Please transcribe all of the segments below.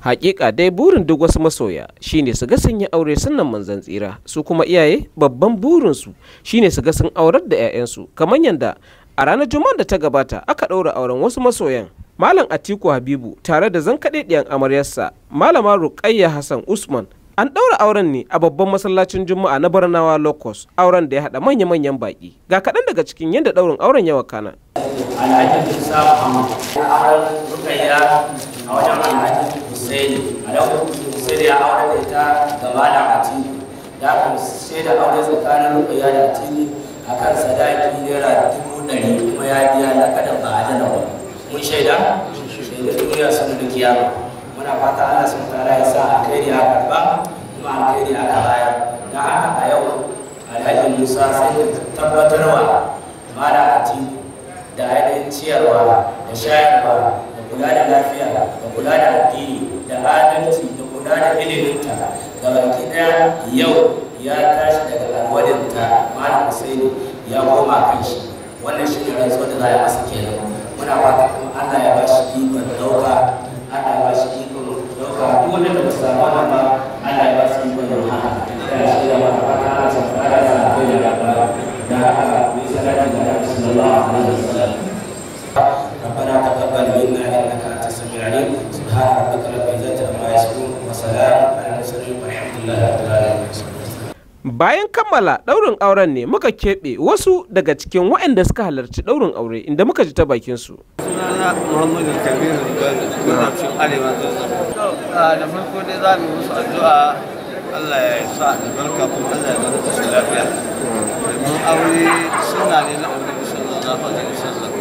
hakika dai burin duk wasu masoya shine su ga sun yi aure sannan manzan tsira su kuma iyaye babban burin su shine su ga sun aurar da 'ya'yansu kamar yadda a ranar juma'ar da ta gabata aka ɗaura auren wasu masoyan malam atiku habibu tare da Amaryar amaryarsa malama ruqayya hassan usman an ɗaura auren ne a babban masallacin juma'a na barnawa locos auren da ya haɗa manya-manyan baƙi ga kaɗan daga cikin yadda ɗaurin auren yawa kana a wajen Husaini a sai Husaini ya aure da ita ga Malam Atini da aka shaida aure tsakanin Ruqayya da a akan sadaki naira dubu ɗari kuma ya biya na kadan ba a dana wani mun shaida shaida duniya sun da kiyama muna fata Allah sun tara ya sa alkhairi a karba kuma alkhairi a baya Da haka a yau Alhaji Musa sai da tabbatarwa mara Atini da ainihin ciyarwa da shayarwa da kula da lafiya da kula da addini adalci da kula da iliminta da baki daya yau ya tashi daga alwadinta malam husaini ya koma kan shi wannan shi ne rantsuwa da za a yi masa kenan muna fata kuma ana ya ba shi ikon dauka ana ya ba shi ikon dauka duk wanda ba su samu ba ana ya ba su ikon yin haka bayan kammala ɗaurin auren ne muka keɓe wasu daga cikin waɗanda suka halarci ɗaurin aure inda muka ji ta bakin su sunana muhammadu kabir gazafin arewa da farko dai za mu musu addu'a allah ya sa barka kuma allah ya zama su lafiya domin aure suna ne na da sallallahu alaihi wasallam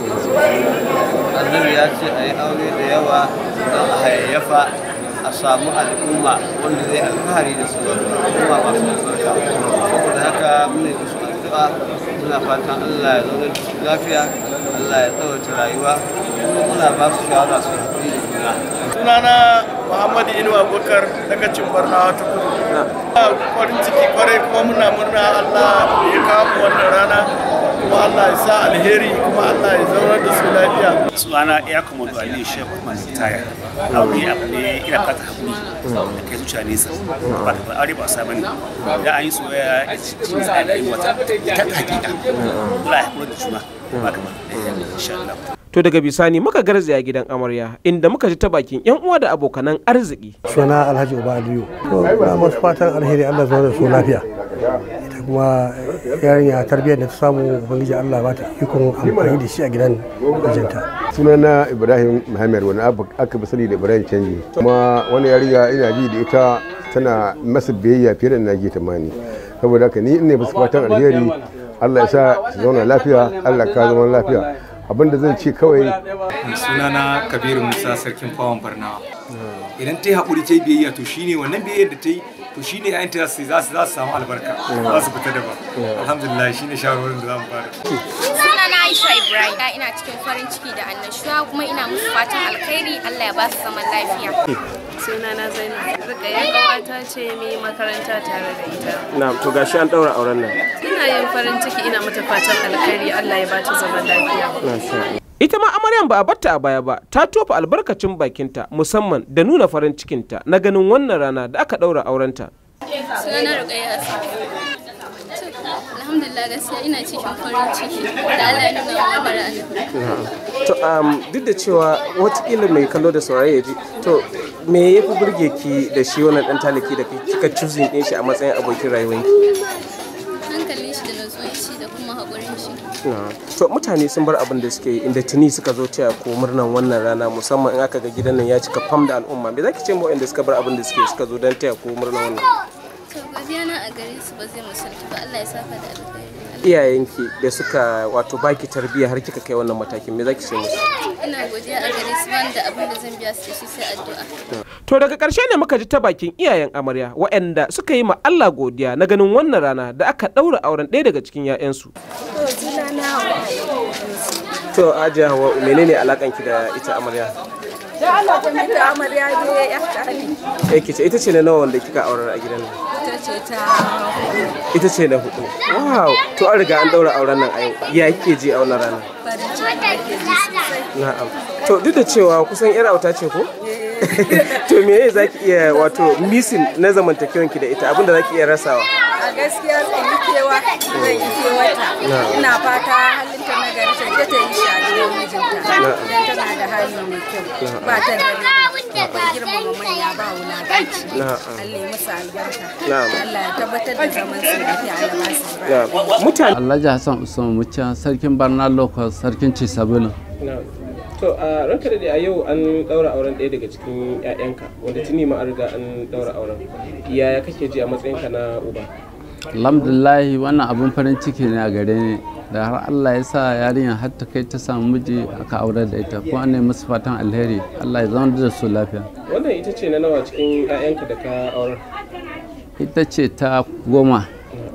annabi ya ce a yi aure da yawa don a hayayyafa a samu al'umma wanda zai alfahari da su al'umma masu albarka saboda haka muna yi su addu'a muna fatan Allah ya zaune da su lafiya Allah ya tsawata rayuwa kuma muna ba su shawara su haɗu da juna sunana Muhammadu Inu Abubakar daga Cimbarnawa ta Kudu. Farin ciki kwarai kuma muna murna Allah ya kawo wannan rana kuma Allah ya sa alheri kuma Allah ya zama da su lafiya sunana ya kuma da Ali Shehu Manitaya aure a ne ina fata hakuri da kai zuciya nesa ba ta aure ba sa bane da an yi soyayya cikin tsarin wata ta hakika Allah ya kuma da juna ba kamar insha Allah to daga bisani muka garzaya gidan amarya inda muka ji ta bakin yan uwa da abokanan arziki suna alhaji uba aliyu to na fatan alheri allah zuwa da su lafiya kuma yarinya tarbiyyar da ta samu ubangiji Allah ba ta ikon amfani da shi a gidan mijinta sunana Ibrahim Muhammad wani aka bi sani da Ibrahim Canji kuma wani yarinya ina ji da ita tana masa biyayya fiye da na ji ta tamani saboda haka ni ina basu fatan alheri Allah ya sa su zauna lafiya Allah ka zama lafiya abinda zan ce kawai sunana Kabiru Musa sarkin fawon Barnawa idan ta yi haƙuri ta yi biyayya to shine wannan biyayyar da ta yi to shi ne yayin za su za su samu albarka za su fita daban alhamdulillah shi ne shawarwarin da za mu fara suna na Aisha Ibrahim ina cikin farin ciki da annashuwa kuma ina musu fatan alkhairi Allah ya ba su zaman lafiya suna na Zainab ya gawata ce mai makaranta tare da ita Na to gashi an daura auren nan ina yin farin ciki ina mata fatan alkhairi Allah ya ba ta zaman lafiya Ita ma amaryan ba a batta a baya ba, ta tofa albarkacin bakinta musamman da nuna farin cikinta na ganin wannan rana da aka daura aurenta. Alhamdulillah gaskiya ina cikin farin ciki da Allah ya nuna wa um, duk da cewa watakila mai kallo da saurari ya ji, to me ya fi burge ki da shi wannan ɗan taliki da kika cuzin ɗin shi a matsayin abokin rayuwanki? da To mutane sun bar abin da suke inda tuni suka zo taya ko murnan wannan rana musamman in aka ga gidan nan ya cika fam da al'umma me zaki ce mu inda suka bar abin da suke suka zo don taya ko murnan wannan. To godiya na a gare su ba zai musulta ba Allah ya saka da alkhairi. Iyayenki da suka wato baki tarbiyya har kika kai wannan matakin me zaki ce musu? Ina godiya a gare su wanda abin da zan biya su shi sai addu'a. To daga ƙarshe ne muka ji ta bakin iyayen amarya waɗanda suka yi ma Allah godiya na ganin wannan rana da aka ɗaura auren ɗaya daga cikin 'ya'yansu. To Ajiya wa menene alaƙanki da ita amarya? Da amarya ne ya ƙari. Eh, ce ita ce na nawa wanda kika aurar a gidan nan? Ita ce ta Ita ce na hudu. Wow! To an riga an ɗaura auren nan a yau. Ya kike ji a wannan rana? Na'am. To duk da cewa kusan 'yar auta ce ko? Eh. to me za ki iya wato misin na zamantakewanki da ita abinda za ki iya rasawa a gaskiya zan yi kewa zan yi kewata ina fata halinta na gari ta ita ta yi shi a gidan mijinta don tana da hali mai kyau ba ta da girmama manya ba wulaƙanci Allah ya musu albarka Allah ya tabbatar da zaman su lafiya a yaba su mutane Alhaji Hassan Usman Mucca sarkin Barna Lokos sarkin Cisabulin to a ranka da a yau an daura auren daya daga cikin 'ya'yanka wanda tuni ma an an daura auren yaya kake ji a matsayin ka na uba alhamdulillah wannan abun farin ciki ne a gare ni da har Allah ya sa yarinyar har ta kai ta samu miji ka aure da ita ko an musu fatan alheri Allah ya zama da su lafiya wannan ita ce na nawa cikin 'ya'yanka da ka aure. ita ce ta goma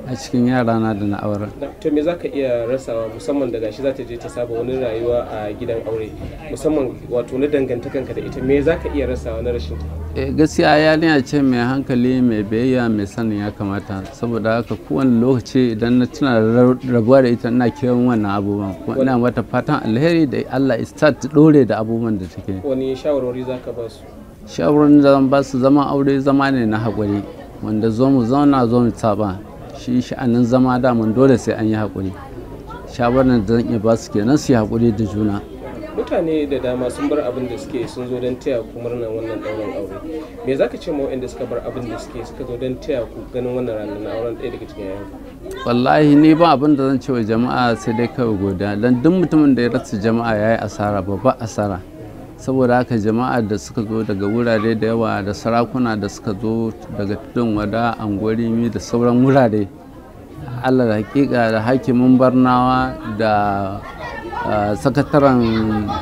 a cikin yara na da na auren. to me zaka iya rasawa musamman da gashi zata je ta saba wani rayuwa a gidan aure musamman wato na dangantakanka da ita me zaka iya rasawa na rashin ta eh, gaskiya a ce mai hankali mai biyayya mai sanin ya kamata saboda haka kowane lokaci idan na tuna rabuwa da ita ina kiran wannan abubuwan kuma ina mata fatan alheri da Allah ya start dore da abubuwan da take wani shawarwari zaka ba su shawarwarin da zan ba su zama aure zama ne na haƙuri wanda zo mu zauna zo mu saba shi sha'anin zama daman dole sai an yi haƙuri shawarar da zan iya ba su kenan su yi haƙuri da juna mutane da dama sun bar abin da suke sun zo don taya ku murnar wannan ɗaurin aure me za ka ce ma waɗanda suka bar abin da suke suka zo don taya ku ganin wannan ranar na auren ɗaya daga cikin yayan wallahi ni ba abin da zan ce wa jama'a sai dai kawai godiya, don duk mutumin da ya rasa jama'a ya yi asara babba asara saboda haka jama'a da suka zo daga wurare da yawa da sarakuna da suka zo daga tudun wada angorimi da sauran wurare allah da hakika da hakimin barnawa da eh, sakataren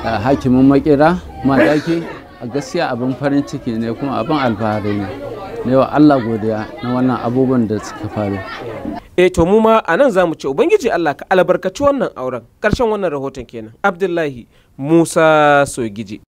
eh, hakimin makera madaki a gaskiya abin farin ciki ne kuma abin alfahari ne ne wa allah godiya na wannan abubuwan da suka faru e to mu ma a nan za mu ce ubangiji allah ka albarkaci wannan auren ƙarshen wannan rahoton kenan abdullahi musa sogiji